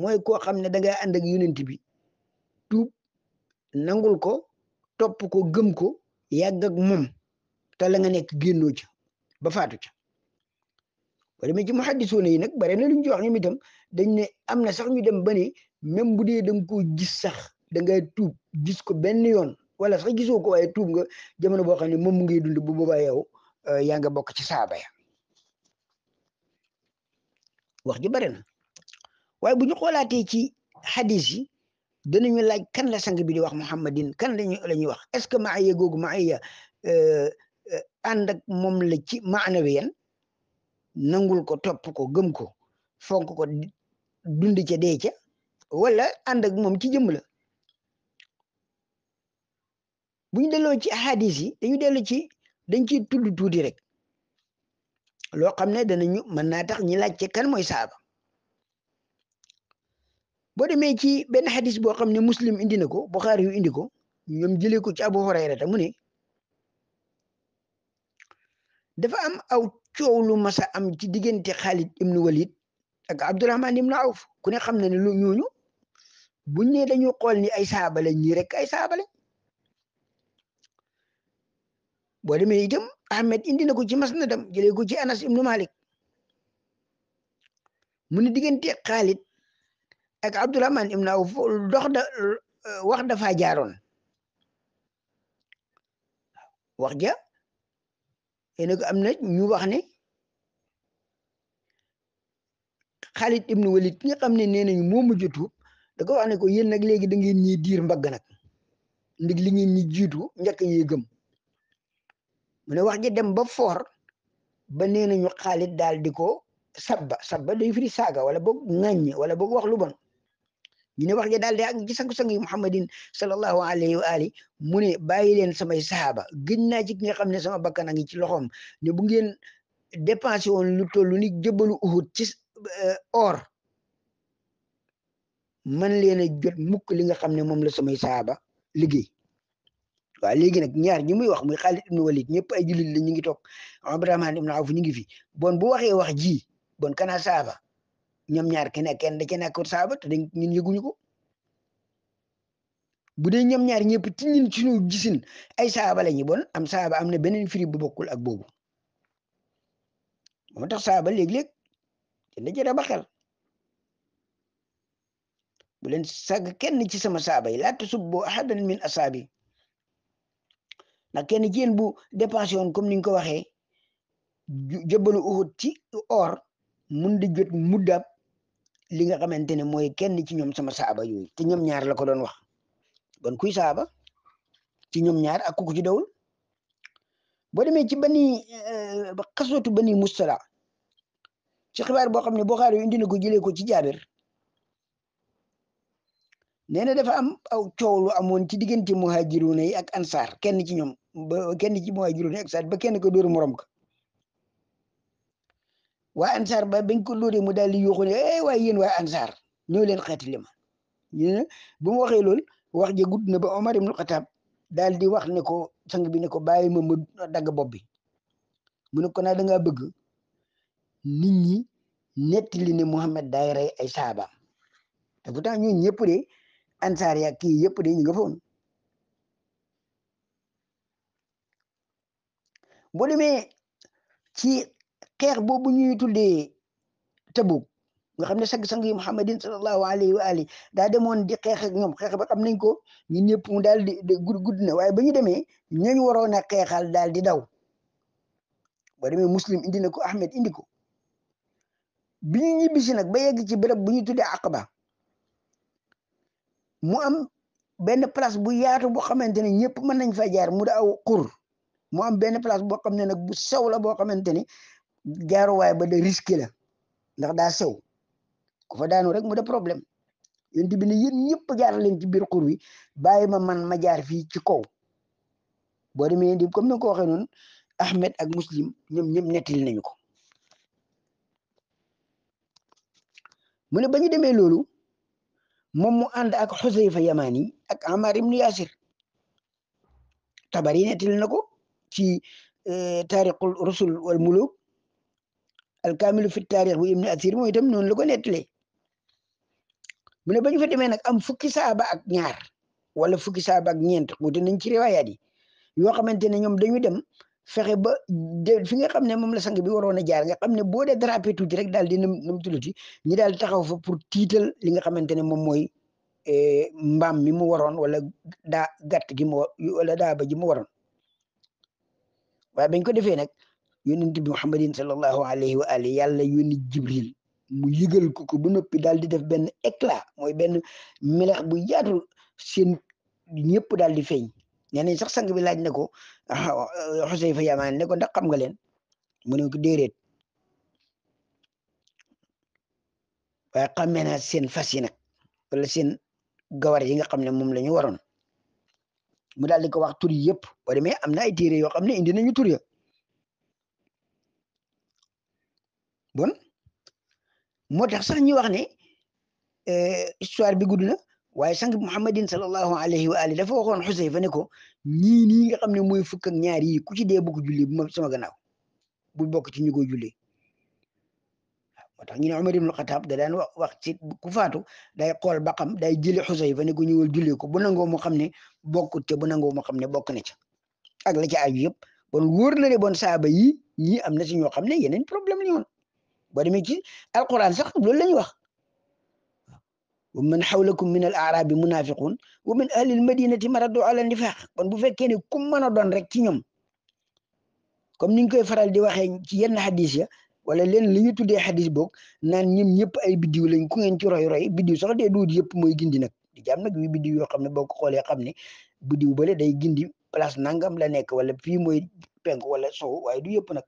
mooy koo xam ne da ngay ànd ak bi tuub nangul ko topp ko gëm ko yàgg ak moom te la nga nekk génnoo ca ba faatu ca ba demee ci muhaddisuuna yi nag bare na lu ñu ci wax ñoom itam dañ ne am na sax ñu dem ba ne même bu dee da nga gis sax da nga tuub gis ko benn yoon wala sax gisoo ko waaye tuub nga jamono boo xam ne moom mu ngi dund bu boobaa yow euh, yaa nga bokk ci saaba ya wax ji bare na waaye bu ñu xoolaatee ci xadis yi danañu laaj kan la sang bi di wax muhammadin kan lañu la ñuy wax est ce que ma maaya googu maaya euh, ànd ak moom la ci maanawiyan nangul ko topp ko gëm ko fonk ko dund ca dee wala ànd ak moom ci jëmm la bu ñu delloo ci hadis yi dañu dellu ci dañ ciy tudd tuuti rek loo xam ne danañu mën naa tax ñi laajte kan mooy saaba boo demee ci benn hadis boo xam ne muslim indi na ko buxaari yu indi ko ñoom jëlee ko ci abu hurayrata mu ne dafa am aw coow lu masa am ci diggante Xaalid ibnu Walid ak Abdurahman ibnu Awf ku ne xam na ne lu ñooñu buñ ne dañu xool ni ay saaba lañ ñi rek ay saaba lañ boo demee itam Ahmed indi na ko ci masnadam jëlee ko ci Anas ibnu Malik mu ne diggante Xaalid ak Abdurahman ibnu Awf dox da wax dafa jaaroon wax ja yéen ko am na ñu wax ne Xaalid ibnu Walid ki nga xam ne nee nañu moo mujj tuub da ko ne ko yéen nag léegi da ngeen ñiy diir mbagg nag ndig li ngeen ñi jiitu njëkk yee gëm mu ne wax ji dem ba foor ba nee nañu Xaalid daal di ko sabba sabba da firi saaga wala boog ŋàññ wala boog wax lu bon ñu ne wax ja daal de ak ci sang-sang yi muhammadin sallallahu alayhi wa ali mu ne bàyyi leen samay sahaaba gën naa ci ki nga xam ne sama bakkan a ngi ci loxoom ne bu ngeen dépensé woon lu tollu ni jëbalu uhud ci euh, or man leen a jot mukk li nga xam ne moom la samay sahaaba liggéey waaw léegi nag ñaar ñi muy wax muy Xaalid ibn Walid ñëpp ay jullit la ñu ngi toog Abdurahmaan ibn Awf ñu ngi fi bon bu waxee wax ji bon kana sahaaba ñoom ñaar kenn kenn da cee nekkul saaba te dañ ñun yëguñu ko bu dee ñam ñaar ñëpp ci ñun suñu gisin ay saaba lañu bon am saaba am na beneen firi bu bokkul ak boobu moo tax saaba léeg-léeg kenn da cee raba xel bu leen sàgg kenn ci sama saaba yi laa tasubbu ahadan min asaabi ndax kenn ci yéen bu dépensé woon comme ni nga ko waxee jëbbalu Uhud ci or mun di jot muddab li nga xamante ne mooy kenn ci ñoom sama saaba yooyu te ñoom ñaar la ko doon wax bon kuy saaba ci ñoom ñaar ak ku ci dawul boo demee ci bani eh, xasootu bani mustala ci xibaar boo xam ne Buxaari yu indi na ko jëlee ko ci jaabir nee na dafa am aw coow lu amoon ci diggante muhajiruna yi ak ansaar kenn ci ñoom ba kenn ci muhajiruna yi ak ansaar ba kenn ko dóor morom ka waa ansaar ba bañ ko lóoree mu daal di yuuxu ne eh waaye yéen waa ansaar ñoo leen xeetali ma ñu bu mu waxee lool wax ji gudd na ba Omar ibn Khattab daal di wax ne ko sang bi ne ko bàyyi ma ma dagg bopp bi mu ne ko naa da ngaa bëgg nit ñi nettali ne Muhammad day rey ay saabaam te pourtant ñun ñëpp de ansaar ya kii yëpp de ñu nga foon boo demee ci xeex boobu ñuy tuddee Tabuk nga xam ne sang-sang yi Muhammadin sallallahu alayhi wa ali daa demoon di xeex ak ñoom xeex ba xam nañ ko ñun ñëpp mu daal di gudd gudd na waaye ba ñu demee ñooñu waroon a xeexal daal di daw boo demee muslim indi na ko Ahmed indi ko bi ñu ñibbisi nag ba yegg ci béréb bu ñu tuddee Aqaba mu am benn place bu yaatu boo xamante ne ñëpp mën nañ fa jaar mu da aw xur mu am benn place boo xam ne nag bu sew la boo xamante ne jaaruwaay ba de risque la ndax daa sew ku fa daanu rek mu de problème yonent bi ne yéen ñëpp jaar leen ci biir xur wi bàyyi ma man ma jaar fii ci kaw boo demee di comme ni ko waxee noonu Ahmed ak Muslim ñoom ñëpp nettali nañu ko mu ne ba ñu demee loolu moom mu ànd ak Xusayfa Yamani ak Amar ibnu Yasir Tabari nettali na ko ci eh, taariqul rusul wal muluk alkaamilu fi taarix bu ibnu asir moom itam noonu la ko nettalee mu ne ba ñu fa demee nag am fukki saaba ak ñaar wala fukki saaba ak ñeent wute nañ ci riwaayaat yi yoo xamante ne ñoom dañu dem fexe ba de fi nga xam ne moom la sang bi waroon a jaar nga xam ne boo dee drapé tuuti rek daal di num num tuluti ñi daal taxaw fa pour tiital li nga xamante ne moom mooy eh, mbaam mi mu waroon wala daa gàtt gi mu wala daaba ji mu waroon waaye ko defee nag yonent bi muhammadin sallallahu alayhi wa alihi yàlla yónni jibril mu yëgal ko ko ba noppi daal di def benn éclat mooy benn melax bu yaatu seen ñëpp daal di feeñ nee nañ sax sang bi laaj ne ko ah, xusayfa yamaan ne ko ndax xam nga leen mu ne ko déeréet waaye xammee naa seen fas yi nag wala seen gawar yi nga xam ne moom la ñu waroon mu daal di ko wax tur yëpp boo am na ay téere yoo xam ne indi nañu ñu ya bon moo tax sax ñu wax ne euh, histoire bi gudd na waaye sang muhammadin sallallahu alayhi wa dafa waxoon xuseyfa ne ko ñii nii nga xam ne mooy fukk ak ñaar yi ku ci dee bokk julli bu ma sama gannaaw bu bokk ci ñu koy julli waaw moo tax ñu ne Umar ibnul Xataab da daan wax wax ci ku faatu day xool ba xam day jëli xuseyfa ne ko ñëwal julli ko bu nangoo moo xam ne bokkut te bu nangoo moo xam ne bokk na ca ak la ca aju yëpp bon wóor na ne bon saaba yi ñii am na si ñoo xam ne yeneen problème la ñu boo demee ci alquran sax loolu la ñu wax wa man xawlakum min al arabi munafiqun wa min ahli al madinati maradu ala nifaq kon bu fekkee ne ku mën a doon rek ci ñoom comme niñ koy faral di waxee ci yenn xadis ya wala len li ñu tuddee xadis boog naan ñoom ñëpp ay biddiw lañ ku ngeen ci roy roy biddiw sax dee duut yëpp mooy gindi nag di jaam nag yu biddiw yoo xam ne boo ko xoolee xam ne biddiw bale day gindi place nangam la nekk wala fii mooy penk wala sow waaye du yëpp nag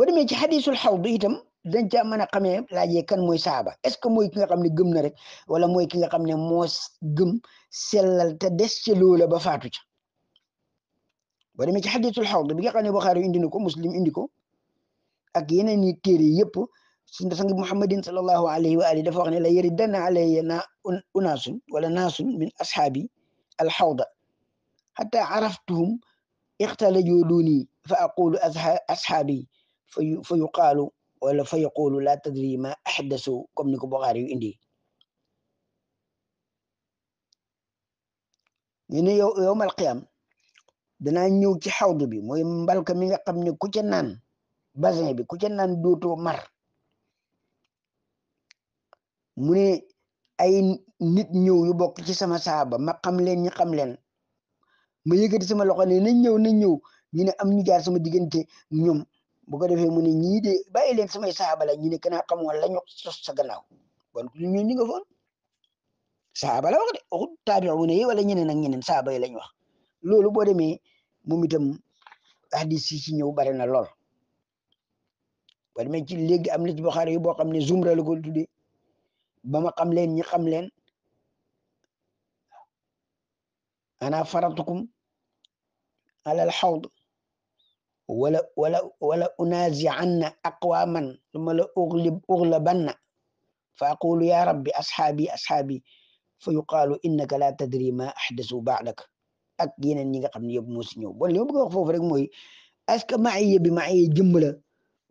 boo demee ci xadisul xawdu itam dañ ca mën a xamee laajee kan mooy saaba est ce que mooy ki nga xam ne gëm na rek wala mooy ki nga xam ne moo gëm sellal te des ca loola ba faatu ca boo demee ci xadisul xawdu bi nga xam ne Buxaari indi na ko muslim indi ko ak yeneen i téere yëpp sunu sang Muhammadin sallallahu alayhi wa alihi dafa wax ne la yaridanna alayya na unaasun wala naasun min ashaabi alxawda xata araftuhum ixtalajoo duuni fa aqulu ashaabi fa yu fa wala fa yaqulu la tadri ma axdasu comme ni ko Buxaari yu indi ñu ne yow yowmal qiyaam danaa ñëw ci xawdu bi mooy mbalka mi nga xam ne ku ca naan basin bi ku ca naan dootoo mar mu ne ay nit ñëw yu bokk ci sama saaba ma xam leen ñu xam leen ma yëkkati sama loxo ne nañ ñëw nañ ñëw ñu ne am ñu jaar sama diggante ñoom bu ko defee mu ne ñii de bàyyi leen samay saxaaba la ñu ne kanaa xamoon la ñu sos sa gannaaw kon ñun ñu nga foon saxaaba la wax de waxut taabi'uuna yi wala ñeneen ak ñeneen saxaaba yi la wax loolu boo demee moom itam hadis yi ci ñëw bare na lool boo demee ci léegi am na ci Buxaari boo xam ne Zumra la ko tuddee ba leen ñi xam leen ana faratukum alal xawd wala wala wala unaazi'anna aqwaman thumma la uglib uglibanna fa aqulu ya rabbi asxaabi asxaabi fa yuqaalu innaka la tadri ma ahdasu ba'dak ak yeneen ñi nga xam ne yëpp moo si ñëw bon li ma bëgg a wax foofu rek mooy est-ce que maaya bi maaya jëmm la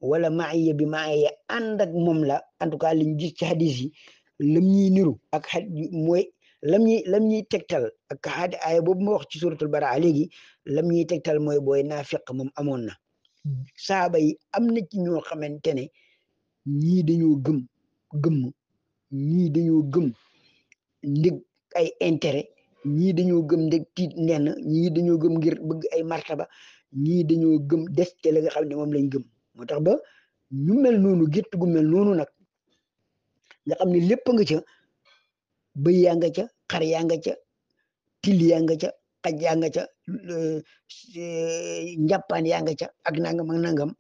wala maaya bi maaya ànd ak moom la en tout cas liñ gis ci hadis yi lam ñuy niru ak mooy lam ñuy lam ñuy tegtal ak aada aaya boobu ma wax ci suratul baraa léegi lam ñuy tegtal mooy booy naafiq moom amoon na hmm. saaba yi am na ci ñoo xamante ne ñii dañoo gëm gëmm ñii dañoo gëm ndig ay intérêt ñii dañoo gëm ndig tiit nenn ñii dañoo gëm ngir bëgg ay martaba ñii dañoo gëm des te la nga xam ne moom lañ gëm moo tax ba ñu mel noonu gétt gu mel noonu nag nga xam ne lépp nga ca bëy yaa nga ca xar yaa nga ca till yaa nga ca xaj yaa nga ca eh, njàppaan yaa nga ca ak nangam ak nangam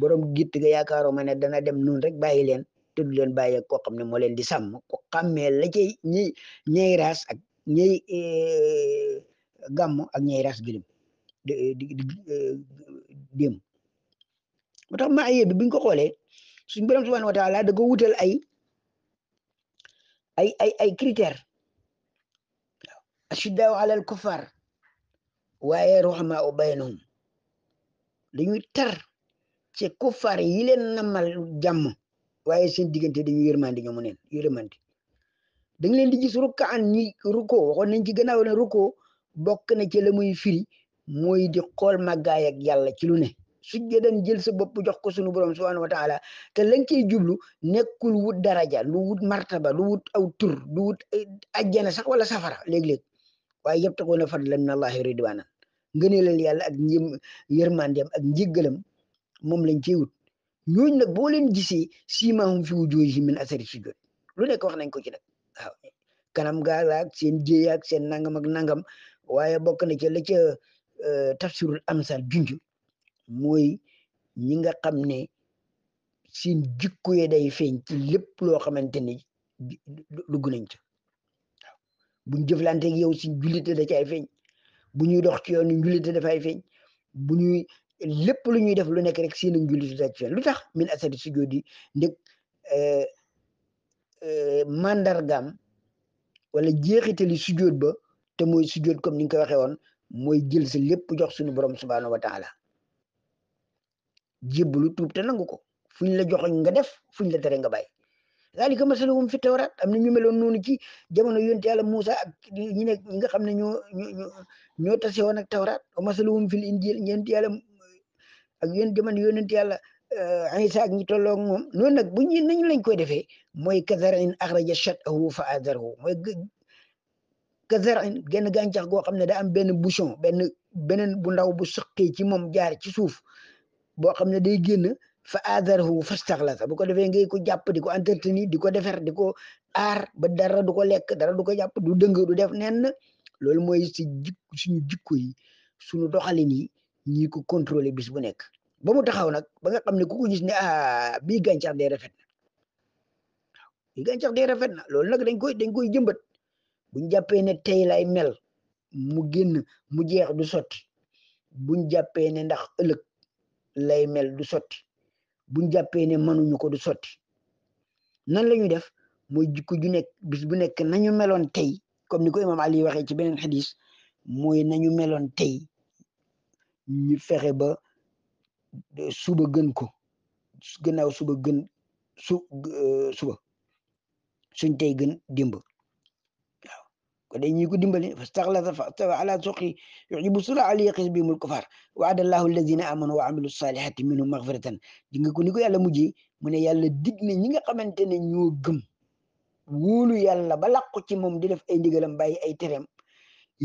borom gitt ga yaakaaroo ma ne dana dem noonu rek bàyyi leen te du leen bàyyi koo ne moo leen di sàmm ko xàmmee la cay ñiy ñey raas ak ñey eh, gàmm ak ñey raas gilim di eh, di ma ayee bi buñ ko xoolee suñ borom subhanahu da ko wutal ay ay ay ashiddaau ala al kufar waaye ruhamaau baynahum dañuy tar ci kufar yi leen namal jàmm waaye seen diggante di yërmandi ñoomu neen yërmandi dañ leen di gis rukkaan ñi ruko waxoon nañ ci gannaaw ne ruko bokk na ci muy firi mooy di xool màggaay ak yàlla ci lu ne sujjadan jël sa bopp jox ko sunu borom subhanahu wa taala te lañ cey jublu nekkul wut daraja lu wut martaba lu wut aw tur lu wut sax wala safara léeg waaye yabtaquuna fadlan min allahi ridwanan ngëneelal yàlla ak njëm yërmandeem ak njéggalam moom lañ ciy wut ñooñu nag boo leen gisee siimaahum fi wujuuhihim min asari sujuud lu nekk wax nañ ko ci nag kanam gaal ak seen jéey ak seen nangam ak nangam waaye bokk na ca la ca euh, tafsirul amsal junj muy ñi nga xam ne seen jikko yee day feeñ ci lépp loo xamante ni dugg nañ ca bu ñu jëflanteeg yow si njullite da cay feeñ bu ñuy dox ci yoonu njullite dafay feeñ bu ñuy lépp lu ñuy def lu nekk rek seen njullite da ci feeñ lu tax min asari sujudi ndeg eh, eh, mandargam wala jeexitali sujud ba te mooy sujud comme ni nga ko waxee woon mooy jël sa lépp jox suñu borom subhaanahu wa taala jébbalu tuub te nangu ko fuñ la joxoñ nga def fuñ la tere nga bàyyi zalika masaluhum fi tawrat am na ñu meloon noonu ci jamono yonent yàlla Musa ak ñi ne ñi nga xam ne ñoo ñoo ñoo tase woon ak tawrat wa masaluhum fil injil yonent yàlla ak yéen jamono yonent yàlla eh, Isa ak ñi tolloo ak moom noonu nag bu ñu nañu lañ koy defee mooy kazarin axraja shat'ahu fa azarahu mooy kazarin genn gàncax goo xam ne daa am benn bouchon benn beneen bu ndaw bu sëqee ci moom jaar ci suuf boo xam ne day génn fa adarhu sa bu ko defee ngay ko jàpp di ko entretenir di ko defer di ko aar ba dara du ko lekk dara du ko jàpp du dëng du def nen loolu mooy si jik suñu jikko yi suñu doxalin yi ñi ko bis bu nekk ba mu taxaw nag ba nga xam ne ku ko gis ne ah bii gàncax day rafet na gàncax day rafet na loolu nag dañ koy dañ koy jëmbat buñ jàppee ne tey lay mel mu génn mu jeex du sotti buñ jàppee ne ndax ëllëg lay mel du sotti buñ jàppee ne mënuñu ko du sotti nan la ñuy def muy jikko ju nekk bis bu nekk nañu meloon tey comme ni ko imaam Ali waxee ci beneen xadis mooy nañu meloon tey ñu fexe ba suba gën ko gannaaw suba gën su euh, suba suñ tey gën démb ko day ñi ko dimbale fastaxlasa fastawa ala suqi yujibu suraa li yaqis bihimul kufar waada allahu alladina amanu wa amilu salihati minhum magfiratan di nga ko ni ko yàlla mujjee mu ne yàlla dig ne ñi nga xamante ne ñoo gëm wóolu yàlla ba làqu ci moom di def ay digalam bàyyi ay tereem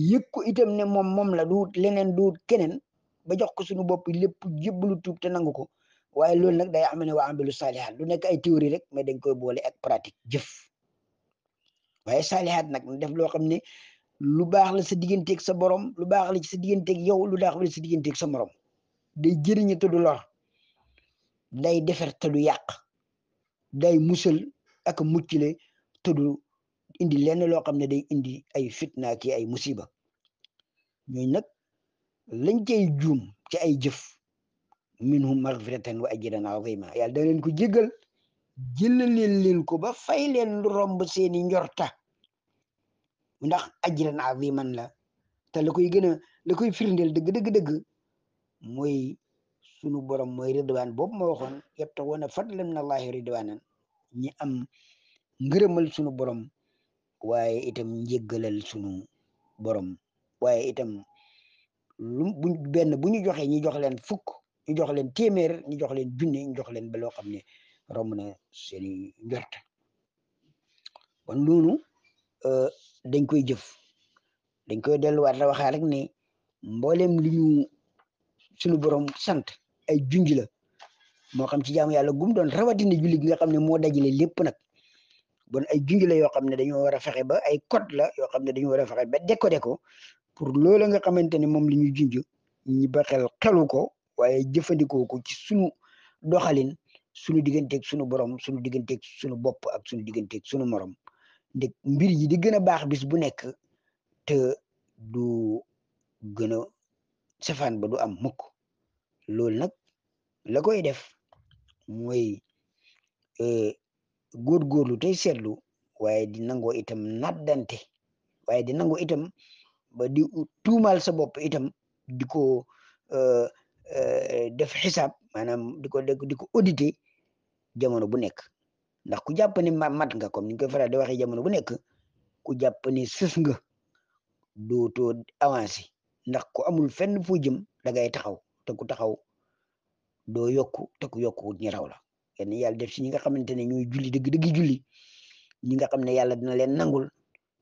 yëg ko itam ne moom moom la duut leneen duut keneen ba jox ko suñu bopp lépp jébbalu tuub te nangu ko waaye loolu nag day am ne wa amilu salihat lu nekk ay théorie rek mais dañ koy boole ak pratique jëf waaye saalihaat nag mu def loo xam ne lu baax la sa digganteeg sa borom lu baax la ci sa digganteeg yow lu baax la sa digganteeg sa morom day jëriñe te du lor day defer te du yàq day musal ak muccile te du indi lenn loo xam ne day indi ay fitna ki ay musiba ñooñu nag lañ cay juum ci ay jëf minhum ay wa ajran azima yàlla da leen ko jéggal jëlaleel leen ko ba fay leen romb seeni njorta ndax ajran aziman la te la koy gën a la koy firndeel dëgg dëgg dëgg mooy sunu borom mooy ridwaan boobu ma waxoon yabtaxuuna leen min allahi ridwaanan ñi am ngërëmal sunu borom waaye itam njéggalal sunu borom waaye itam lu bu benn bu ñu joxe ñu jox leen fukk ñu jox leen téeméer ñu jox leen junne jox leen ba loo xam ne romb na seeni njort kon loolu euh, dañ koy jëf dañ koy delluwaat la waxaa rek ne mboolem li ñu suñu borom sant ay junj la moo xam ci jaamu yàlla gum doon rawatina julli gi nga xam ne moo dajale lépp nag bon ay junj la yoo xam ne dañoo war a fexe ba ay code la yoo xam ne dañoo war a fexe ba décoder ko pour loolu nga xamante ne moom la ñuy junj ñu ba xelu ko waaye jëfandikoo ko ci suñu doxalin suñu digganteeg suñu borom suñu digganteeg suñu bopp ak suñu digganteeg sunu morom ndeg mbir yi di gën a baax bis bu nekk te du gën a safaan ba du am mukk loolu nag la koy def mooy e, góorgóorlu tey seetlu waaye di nangoo itam naddante waaye di nangoo itam ba di tuumaal sa bopp itam di ko e, e, def xisaab maanaam di ko di ko auditer jamono bu nekk ndax ku jàpp ni mat nga comme ni ñu koy faral di waxee jamono bu nekk ku jàpp ni sus nga dootoo avancé ndax ku amul fenn fo jëm da ngay taxaw te ku taxaw doo yokku te ku yokku ñi raw la kenn yàlla def si ñi nga xamante ne ñooy juli dëgg dëgg juli ñi nga xam ne yàlla dina leen nangul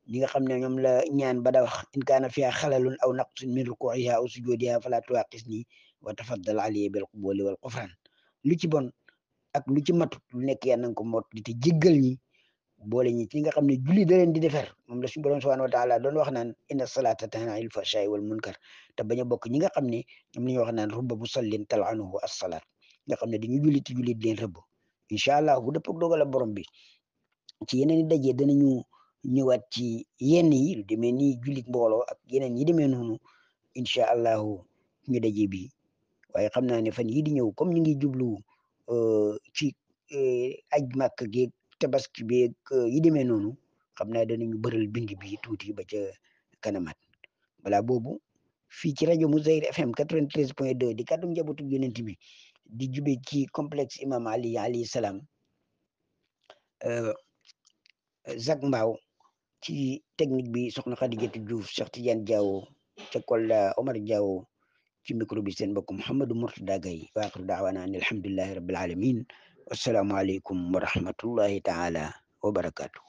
ñi nga xam ne ñoom la ñaan ba da wax in kaana fiha xalalun aw naqsun min rukuuha aw sujuudiha fala tuwaqis nii wa tafaddal alayya bil qubuli wal qufran lu ci ak lu ci matut lu nekk yal na nga ko mot di te jéggal ñi boole ñi ci nga xam ne julli da leen di defar la suñu borom subhanahu wa taala doon wax naan inna salata tanha anil wal munkar te bañ a bokk ñi nga xam ne ñoom la ñuy wax naan rubba bu sallin talanuhu as-salat nga xam ne dañu julli te julli di leen rëbb incha allah bu dëpp dogala borom bi ci yeneen daje danañu ñëwaat ci yenn yi de demee ni jullit mbooloo ak yeneen yi demee noonu incha allahu ñu daje bi waaye xam naa ne fan Euh, ci euh, aj màkk geeg tabaski beeg euh, yi demee noonu xam naa danañu bëral bind bi tuuti ba ca kanamat wala boobu fii ci rajo Moussaïr FM 93.2 di kàddu njabootu yonent bi di jube ci complexe imam ali alayhi salaam Zac Mbao ci technique bi soxna Khadijatu Diouf Cheikh Tidiane Diawo ca Kolda Omar Diawo ci micro bi seen mbokk Mouhamadou Mourtada Gaye wa axiru daawaana an alhamdulillahi rabbil alamin wasalaamualeykum wa rahmatullahi taala wa barakaatu